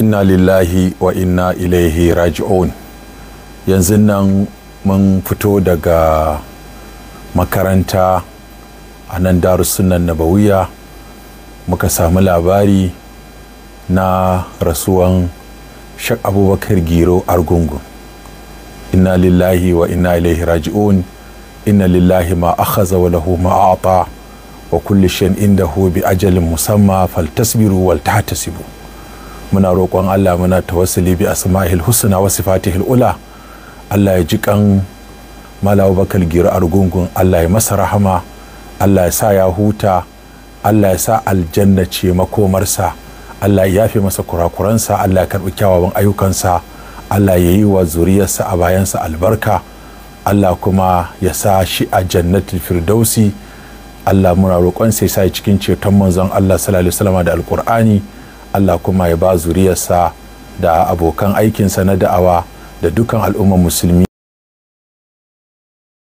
inna lillahi wa inna ilaihi raji'un yanzu nan mun fito daga makaranta a nan darussunan nabawiya muka samu labari na rasuwan shak abubakar giro argungun inna lillahi wa inna ilaihi raji'un inna lillahi ma akhaza wa lahu ma a'ta wa kulli shay'in indahu bi ajalin musamma faltasbiru wal tahtasibu muna roƙon Allah muna tawassuli bi asma'il husna wa sifatihil ula Allah ya ji kan malawa bakal giro argungun Allah ya masa rahama Allah ya sa ya huta Allah ya sa aljanna ce makomarsa Allah ya yafe masa kurakuransa Allah ya karɓi kyawawan ayyukansa Allah ya yi wa zuriyarsa a bayansa albarka Allah kuma ya sa shi a jannatin firdausi Allah muna roƙon sai sa cikin ceton manzon Allah sallallahu alaihi wasallam da alkur'ani. Allah kuma ya ba zuriyarsa da abokan aikinsa na da'awa da dukan al'ummar musulmi